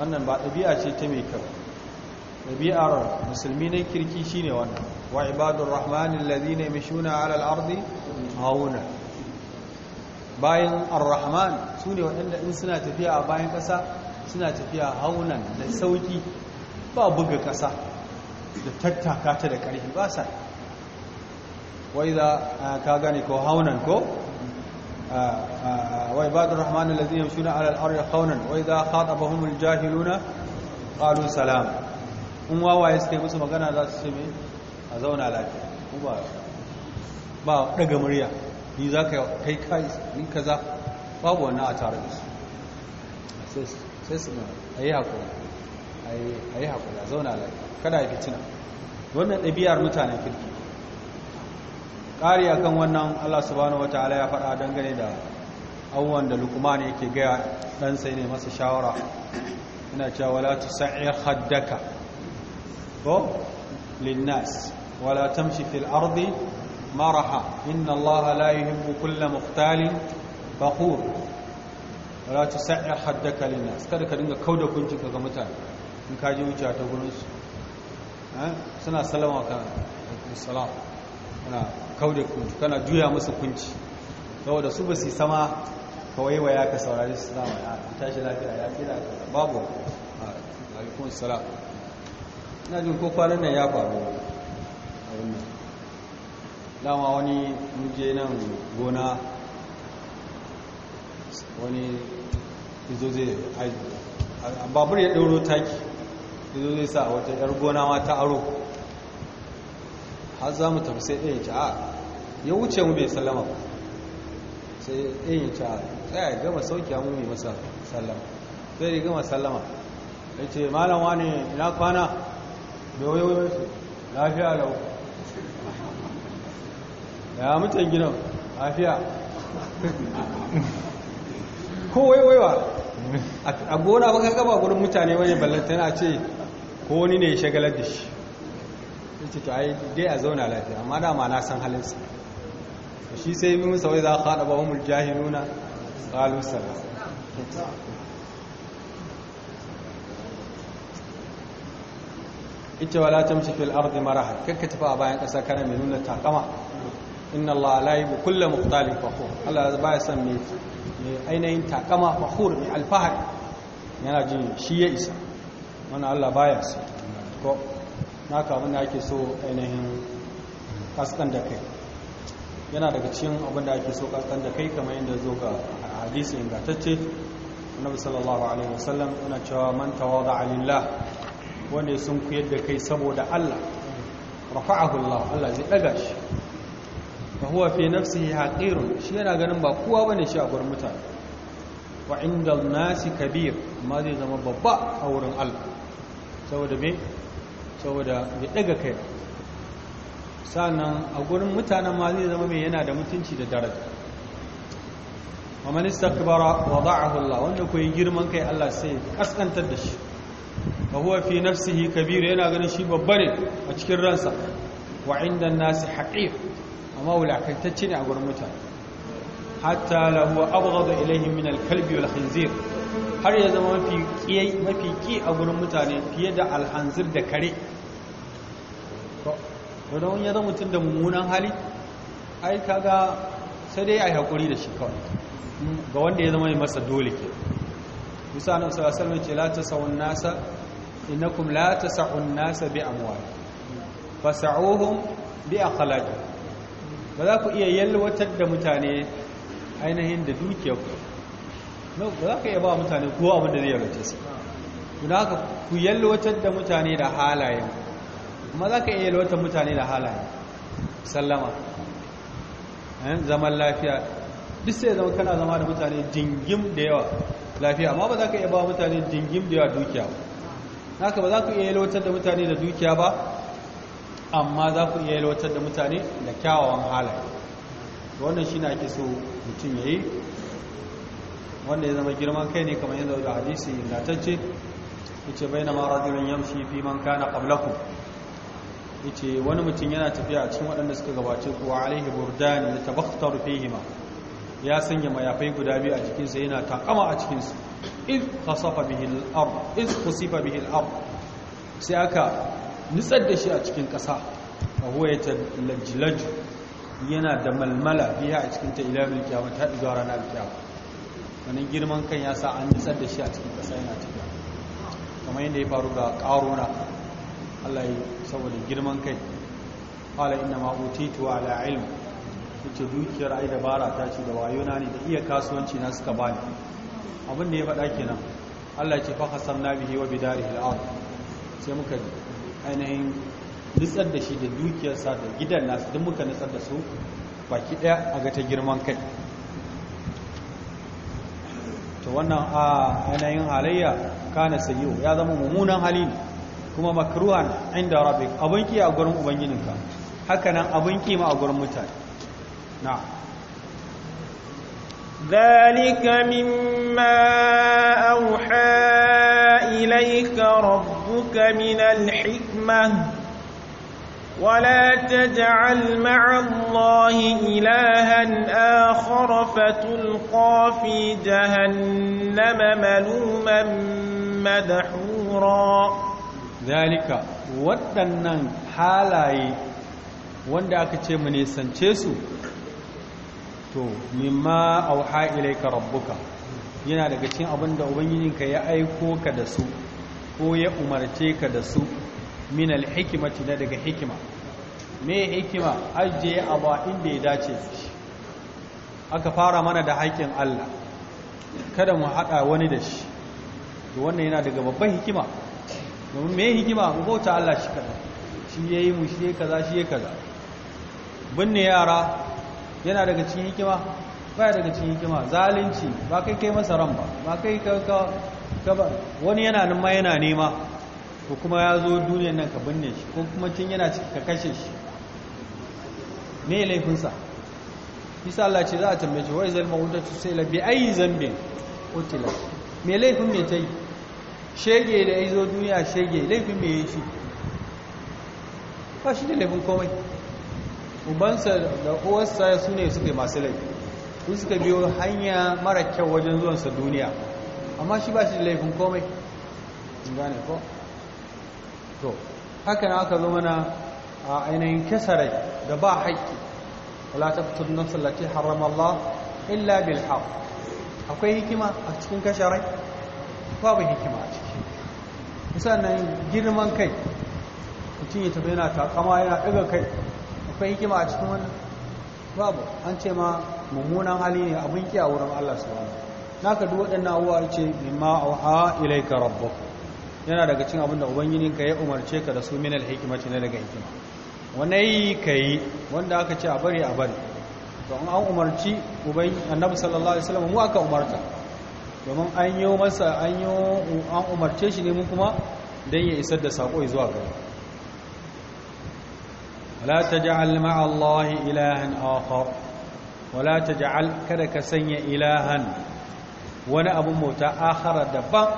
wannan ba ɗabi'a ce ta mai kyau ɗabi'ar musulmi na kirki shine wannan wa ibadun rahmanin ne mashuna alal ardi hauna bayan ar-rahman su ne waɗanda in suna tafiya a bayan ƙasa suna tafiya haunan da sauƙi ba buga ƙasa da tattaka ta da ƙarfi ba sa wai za ka gane ko haunan ko wai ba da rahman lalzina suna ala al haunan wai za khatabahum al-jahiluna qalu salam in wawaye suka yi musu magana za su ce me a zauna lafiya ba daga murya ni za ka kai kai ni kaza babu wani a tare da su sai su a yi haƙuri a yi haƙuri a zauna lafiya kada ya fitina wannan ɗabi'ar mutanen kirki ƙari a kan wannan allah subhanahu wa ta'ala ya faɗa dangane da abubuwan da lukman yake gaya ɗan sai ne masa shawara Ina cewa wala tu sa'ir haddaka ko linnas wala tamshi fil ardi maraha إن الله لا يهم كل مختال فخور ولا تسعر حدك للناس kada ka dinga kauda kuncin ka mutane in ka je wuce ta gurin suna salama ka salam kana kauda kunci kana juya musu kunci saboda su ba sama ka waiwaya ka saurari su zama ya tashi lafiya ya tsira babu alaikum salam ina jin ko kwanan nan ya faru a dama wani muje nan gona wani izo zai babur ya ɗauro taki izo zai sa wata ɗar gona ma ta aro har za mu tafi sai ɗaya ci a ya wuce mu bai sallama sai ɗaya ci a tsaya gama sauki mu mummi masa sallama sai ya gama sallama ya ce malam wani ina kwana da wayo lafiya lau ya mutan gidan afiya ko waiwaiwa a gona baka gaba gurin mutane wani ballantana ce ko wani ne ya shagalar da shi ya ce to ai dai a zauna lafiya amma dama na san halinsa shi sai yi musa wai za a haɗa ba wa muljahi nuna tsalusa sallah ita wala tamshi fil ardi maraha kakka tafi a bayan ƙasa kana mai nuna takama inna Allah la yubu kullum muqtalin fakhur Allah baya son mai ainihin takama fakhur mai alfahari yana jin shi ya isa Wani Allah baya su ko na abin da ake so ainihin kaskan da kai yana daga cikin abin da ake so kaskan da kai kamar yadda zo ga hadisi ingantacce annabi sallallahu alaihi wasallam yana cewa man tawada alillah wanda sun kuyar da kai saboda Allah rafa'ahu Allah Allah zai daga shi fa huwa fi nafsihi haqirun shi yana ganin ba kowa bane shi a gurin mutane wa inda nasi kabir ma zai zama babba a wurin Allah saboda me saboda ya daga kai sanan a gurin mutanen ma zai zama me yana da mutunci da daraja wa man istakbara wada'ahu Allah wanda koyi girman kai Allah sai kaskantar da shi fa huwa fi nafsihi kabir yana ganin shi babba ne a cikin ransa wa inda nasi haqir amma wulakantacce ne a gurin mutane hatta lahu abghadu ilayhim min al-kalbi wal har ya zama mafi ki a gurin mutane fiye da alhanzir da kare to wani ya zama mutum da mummunan hali ai kaga sai dai yi haƙuri da shi kawai ga wanda ya zama masa dole ke musa nan sa alaihi ce la tasawun nasa innakum lati sa'un nasa bi amwal fasauhum bi akhlaqihim ba za ku iya yalwatar da mutane ainihin da dukiyar ku ba za ka iya ba mutane ko abin da zai yalwace su kuna na ku yalwatar da mutane da halayen kuma za ka iya yalwatar mutane da halayen sallama zaman lafiya duk sai zama kana zama da mutane jingim da yawa lafiya amma ba za ka iya ba mutane jingim da yawa dukiya ba haka ba za ku iya yalwatar da mutane da dukiya ba amma za ku iya yalwatar da mutane da kyawawan halaye wannan shi na ake so mutum ya yi wanda ya zama girman kai ne kamar yanzu da hadisi ingantacce ya ce bai na mara jirin yamshi fi man kana ƙablaku ya ce wani mutum yana tafiya a cikin waɗanda suka gabace kuwa alaihi burdani da tabaktar fihima ya sanya mayafai guda biyu a jikinsa yana takama a cikinsu iz khasafa bihi al-ard iz khusifa bihi al-ard sai aka nitsar da shi a cikin ƙasa a huwaye lajilaju yana da malmala biya a cikin ta ilamin kyawun ta ɗi zuwa ranar kyawun wani girman kan ya sa an nitsar da shi a cikin ƙasa yana cikin kamar yadda ya faru ga ƙaruna allah yi saboda girman kai hala inda ma'utitu ala ilm ita dukiyar ai bara ta ce da wayona ne da iya kasuwanci na suka bani abin da ya faɗa kenan allah ce fa hasan na bihi wa bidari al'ad sai muka ainihin nutsar da shi da dukiyarsa da gidan nasu duk muka nutsar da su baki daya a ga ta girman kai to wannan a yanayin halayya kana sayo ya zama mummunan hali ne kuma makruhan inda rabbik abin ki a gurin ubangininka haka nan abin ki ma a gurin mutane na ذلك مما أوحى إليك ربك ربك من الحكمة ولا تجعل مع الله إلها آخر فتلقى في جهنم ملوما مدحورا ذلك waɗannan halaye wanda aka ce mu nesance su to mimma rabbuka yana daga cikin abin da ubangijinka ya aiko ka da su ko ya umarce ka da su min alhikimati na daga hikima me hikima ajiye abu inda ya dace shi aka fara mana da haƙƙin Allah kada mu haɗa wani da shi to wannan yana daga babban hikima domin me hikima mu bauta Allah shi kaza shi yayi mu shi kaza shi kaza binne yara yana daga cikin hikima baya daga cikin hikima zalunci ba kai kai masa ran ba ba kai ka kabar wani yana nan ma yana nema ko kuma ya zo duniyan nan ka binne shi ko kuma tun yana ciki ka kashe shi me laifinsa isa Allah ce za a tambaye shi wai zalma wuta tu sai labi ayi zambin utila me laifin me ta yi shege da ya zo duniya shege laifin me ya ci ba shi da laifin komai ubansa da uwarsa su ne suka yi masu laifi su suka biyo hanya mara kyau wajen zuwansa duniya amma shi ba shi da laifin komai in gane ko to haka na aka zo mana a ainihin kesarai da ba haƙƙi wala tunan nafs haram Allah illa bil akwai hikima a cikin kasharai babu hikima a ciki sannan girman kai mutum ya tafi yana takama yana ɗaga kai akwai hikima a cikin wannan babu an ce ma mummunan hali ne abin ki a wurin Allah subhanahu naka duk waɗannan abubuwa ce mimma auha ilaika rabbuk yana daga cikin abin da ubangijin ka ya umarce ka da su min alhikmati na daga hikima ka yi wanda aka ce a bari a bari to an umarci ubai annabi sallallahu alaihi wasallam mu aka umarta domin an yi masa an yi an umarce shi ne mu kuma dan ya isar da sako zuwa gare wala taj'al ma'a allahi ilahan akhar wala taj'al kada ka sanya ilahan wani abun bauta akhara daban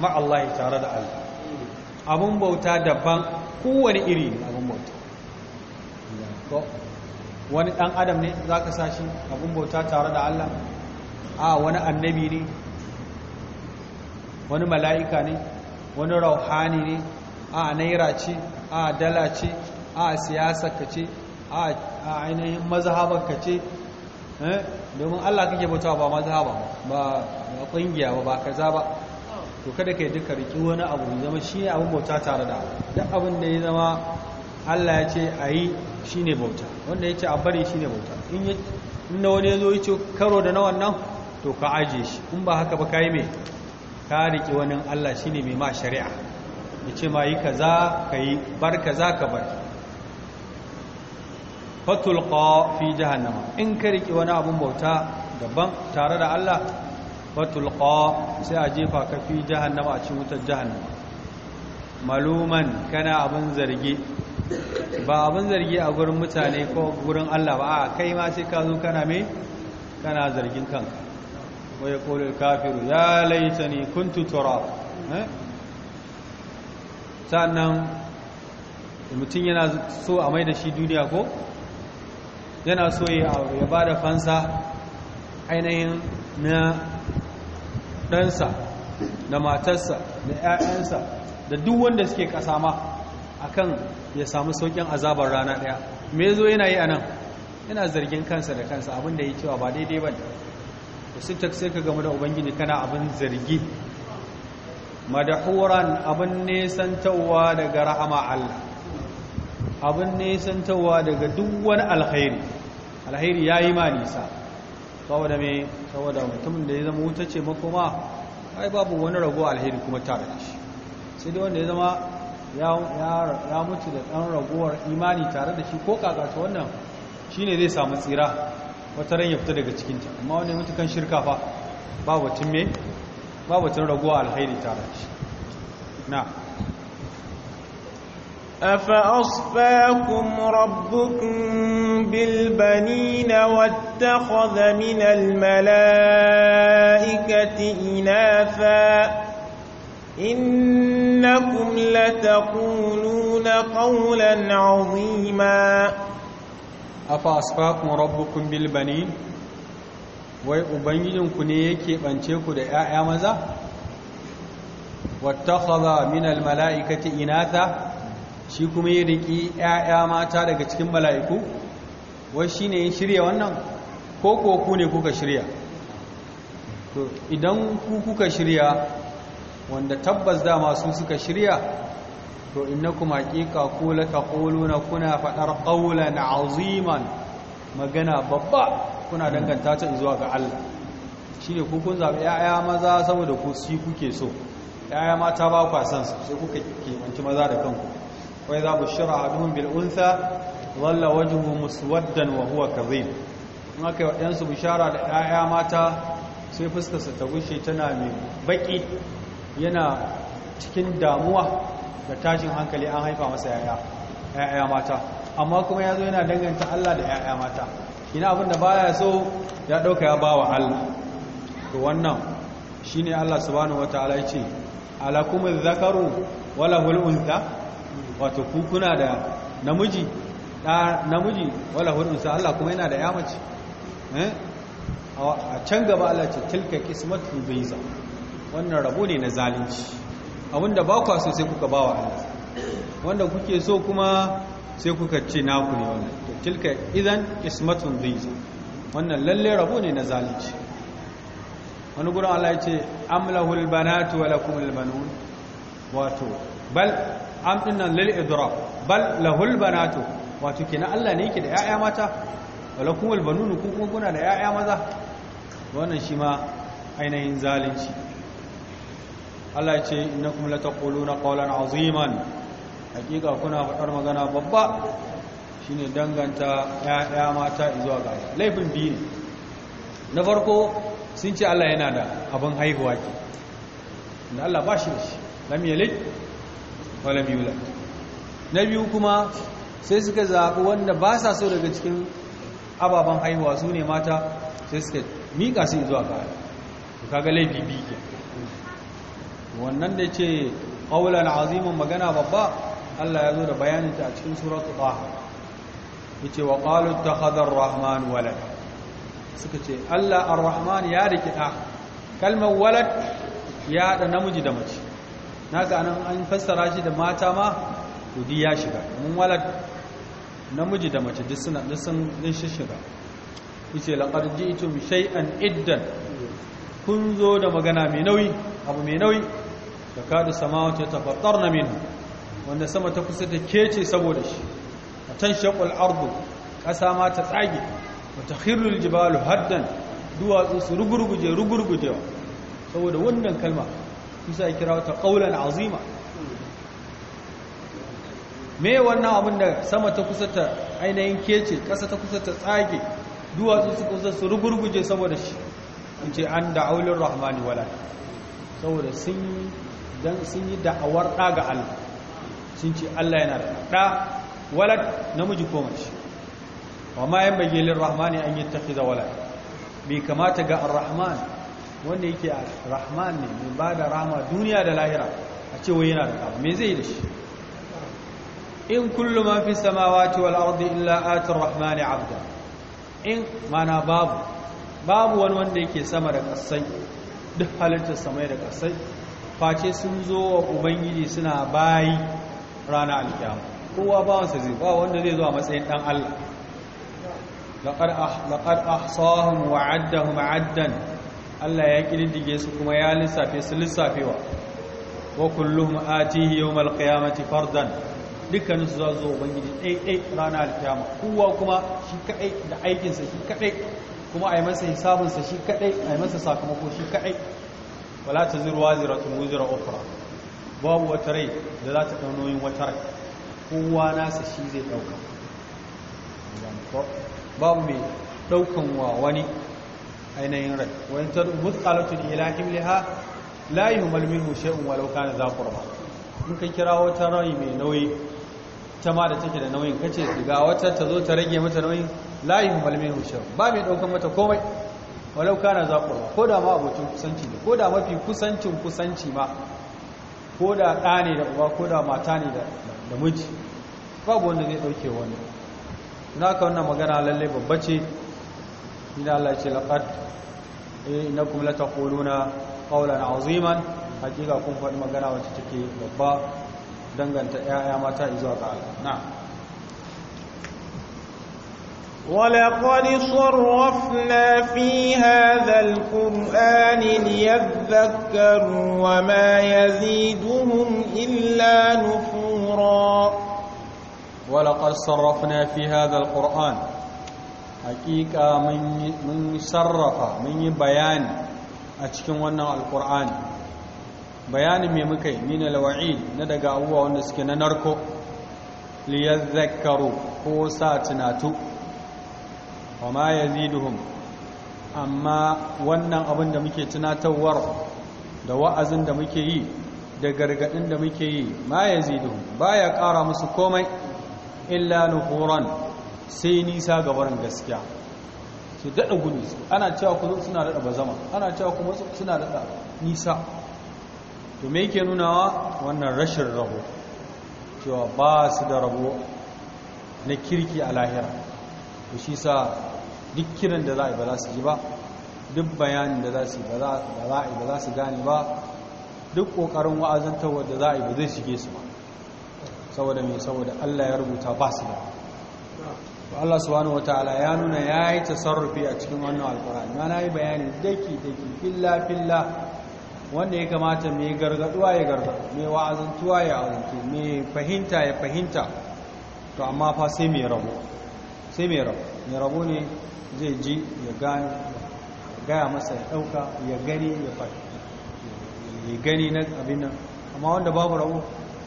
ma Allah tare da Allah abun bauta daban kowane iri ne abun bauta wani dan adam ne zaka sashi abun bauta tare da Allah a wani annabi ne wani mala'ika ne wani rauhani ne a naira ce a dala ce a siyasa ka ce a ainihin mazhabar ka ce Eh? domin Allah kake bautawa ba mazhaba ba ba kungiya ba ba kaza ba to kada kai duka riki wani abu zama shi abin bauta tare da duk abin da ya zama Allah ya ce ayi shine bauta wanda ya ce a bari shine bauta in na wani ya zo yi ce karo da na wannan to ka aje shi in ba haka ba ka yi me ka riki wani Allah shine mai ma shari'a ya ce ma yi kaza ka yi bar kaza ka bar fatulqa fi jahannama in ka riki wani abun bauta daban tare da Allah fatulqa sai a jefa ka fi jahannama a cikin wutar jahannama maluman kana abun zargi ba abun zargi a gurin mutane ko gurin Allah ba a kai ma sai ka zo kana me kana zargin kanka wai qulul kafiru ya laitani kuntu tura eh? sannan mutum yana so a mai da shi duniya ko yana so ya ba da fansa ainihin na ɗansa da matarsa da 'ya'yansa da duk wanda suke ƙasa ma akan ya samu sauƙin azabar rana ɗaya me zo yana yi a nan yana zargin kansa da kansa abin da ya cewa ba daidai ba ne su taksai ka gamu da ubangiji kana abin zargi madahuran abin nesantarwa daga rahama Allah abin nesantarwa daga duk wani alkhairi alkhairi ya yi ma nisa saboda mai saboda mutumin da ya zama wuta ce makoma ai babu wani rago alheri kuma tare da shi sai dai wanda ya zama ya mutu da ɗan ragowar imani tare da shi ko kakata wannan shi ne zai samu tsira wata ran ya fita daga cikinta amma wani mutu kan shirka fa mai babu tun ragowar alheri tare da shi na أفأصفاكم ربكم بالبنين واتخذ من الملائكة إناثا إنكم لتقولون قولا عظيما أفأصفاكم ربكم بالبنين wai ubangijinku ne yake bance واتخذ من الملائكة إناثا shi kuma yi riki ‘ya'ya mata daga cikin mala'iku wai shi ne ya shirya wannan ko ko ku ne kuka shirya to idan ku kuka shirya wanda tabbas dama su suka shirya to ina kuma haƙiƙa ko lata na kuna faɗar na aziman magana babba kuna danganta ta zuwa ga Allah shi ne kukun zaɓi ‘ya'ya maza saboda ku si kuke so ‘ya'ya mata ba kwasansu sai kuka kemanci maza da kanku وإذا بشر أحدهم بالأنثى ظل وجهه مسودا وهو كظيم 'yansu waɗansu bishara da 'ya'ya mata sai fuskarsa ta bushe tana mai baƙi yana cikin damuwa da tashin hankali an haifa masa 'ya'ya mata amma kuma ya zo yana danganta Allah da 'ya'ya mata ina abin da baya so ya ɗauka ya bawa wa Allah to wannan shine Allah subhanahu wataala ya ce alakumul zakaru wala hul untha wato ku kuna da namiji da namiji wala hudun sa Allah kuma yana da ya mace eh? a can gaba Allah ce tilka kismatu bayza wannan rabo ne na zalunci abinda ba ku so sai kuka bawa Allah wanda kuke so kuma sai kuka ce naku ne wannan to tilka idan kismatu bayza wannan lalle rabo ne na zalunci wani gurin Allah ya ce amlahul banatu wa lakumul banun wato bal am dinnan lil idra bal lahul banatu wato kina Allah ne yake da 'ya'ya mata walakumul banunu ku kuma kuna da 'ya'ya maza wannan shi ma ainihin zalunci Allah ya ce innakum taquluna qawlan aziman hakika kuna faɗar magana babba shine danganta 'ya'ya mata zuwa ga laifin biyu na farko sun ce Allah yana da abin haihuwa ke da Allah ba shi da shi lam yalid walam yula na biyu kuma sai suka zaɓi wanda ba sa so daga cikin ababen haihuwa su ne mata sai suka miƙa su zuwa kaya su kaga laifi biyu wannan da ce qaulan azimin magana babba Allah ya zo da bayanin ta a cikin suratul ya ce wa qalu ta ar-rahman walad suka ce Allah ar-rahman ya da kiɗa kalmar walad ya da namiji da mace Na ga nan an fassara shi da mata ma to di ya shiga mun walad namiji da mace duk suna duk sun shiga yace laqad ji'tum shay'an iddan kun zo da magana mai nauyi abu mai nauyi da kadu samawati tafattarna min wanda sama ta kusa ta kece saboda shi shaqul ardu ƙasa ma ta tsage wa takhirul jibalu haddan duwatsu su rugurguje rugurgujewa saboda wannan kalma isa ya kira wata ƙaunar azima me wannan abin da sama ta kusa ta ainihin kece ƙasa ta kusa ta tsage duwatsu su kusa su rugurguje saboda shi in ce an da aulin rahmani wala saboda sun yi da'awar ɗa ga allah sun ce allah yana da wala walad namiji koma shi wa ma yin bagelin rahmani an yi tafi da wala bai kamata ga ar-rahman wanda yake a rahman ne mai ba da rahama duniya da lahira a cewa yana da kama me zai da shi in kullum ma fi samawati wal ardi illa atir rahmani abda in mana babu babu wani wanda yake sama da kasai duk halittar samai da kasai face sun zo wa ubangiji suna bayi rana alkiyama kowa wansa zai ba wanda zai zo a matsayin dan Allah ah, laqad ahsahum wa addahum addan Allah ya kididdige su kuma ya lissafe su lissafewa wa kulluhum atihi yawmal qiyamati fardan dukkanin su zuwa ubangiji dai-dai, rana alkiyama kowa kuma shi kaɗai da aikinsa shi kaɗai kuma a yi masa sa shi kaɗai a yi masa sakamako shi kaɗai wala ta zirwa ziratun wuzira ofra babu wata rai da za ta ɗau nauyin wata rai kowa nasa shi zai ɗauka babu mai ɗaukan wa wani ainihin rai wani ta mutsalatun ilahim himliha la yi malmin hushe'un walauka na zafur ba in ka kira wata rai mai nauyi ta ma da take da nauyin kace ga wata ta zo ta rage mata nauyin layin yi malmin hushe'un ba mai ɗaukan mata komai walauka na zafur ba ko da ma abokin kusanci ne ko da mafi kusancin kusanci ma ko da ɗa ne da uba ko da mata ne da miji babu wanda zai ɗauke wani na ka wannan magana lallai babba ce من الله يقول لقد إنكم لتقولون قولا عظيما حقيقة كم فإن ما قنا وتتكي ببا دنگا انت يا ماتا إزوا قال نعم ولقد صرفنا في هذا القرآن ليذكر وما يزيدهم إلا نفورا ولقد صرفنا في هذا القرآن Haƙiƙa mun sarrafa mun yi bayani a cikin wannan alkur'ani bayanin mai muka yi min alwa'id na daga abubuwa wanda suke na narko liyazzakaru ko sa tunatu wa ma ziduhun amma wannan abin da muke tunatarwar da wa'azin da muke yi da gargadin da muke yi ma ya Ba ya ƙara musu komai illa nufuran sai nisa ga wurin gaskiya su daɗa gudu ana cewa kuma suna daɗa bazama ana cewa kuma suna daɗa nisa to me yake nunawa wannan rashin rabo cewa ba su da rabo na kirki a lahira to shi sa duk kiran da za a yi ba za su ji ba duk bayanin da za su yi ba za a yi ba za su gane ba duk ƙoƙarin wa'azantarwa da za a yi ba zai shige su ba saboda mai saboda allah ya rubuta ba su da Allah subhanahu wataala ya nuna yayi tasarrufi a cikin wannan alqur'ani mana yi bayani daki daki filla filla wanda ya kamata mai gargaduwa ya gargadu mai wa'azantuwa ya wa'azantu mai fahimta ya fahimta to amma fa sai mai rabo sai mai rabo mai rabo ne zai ji ya gane gaya masa ya dauka ya gani ya fahimta, ya gani na abin nan amma wanda babu rabo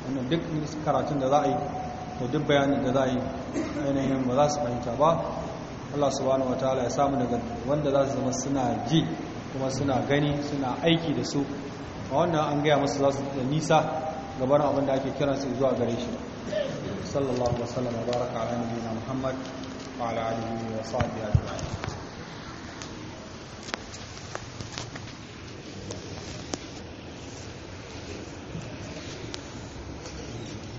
wannan duk karatun da za a yi da duk bayanin da za a yi ainihin ba za su fahimta ba Allah subhanahu ta'ala ya samu daga wanda za su zama suna ji kuma suna gani suna aiki da su a wannan an gaya masu za su da nisa gabar abin da ake kiran su zuwa gare shi sallallahu alaihi wa sallam baraka ala nabiyina muhammad wa ala alihi wa sahbihi ajma'in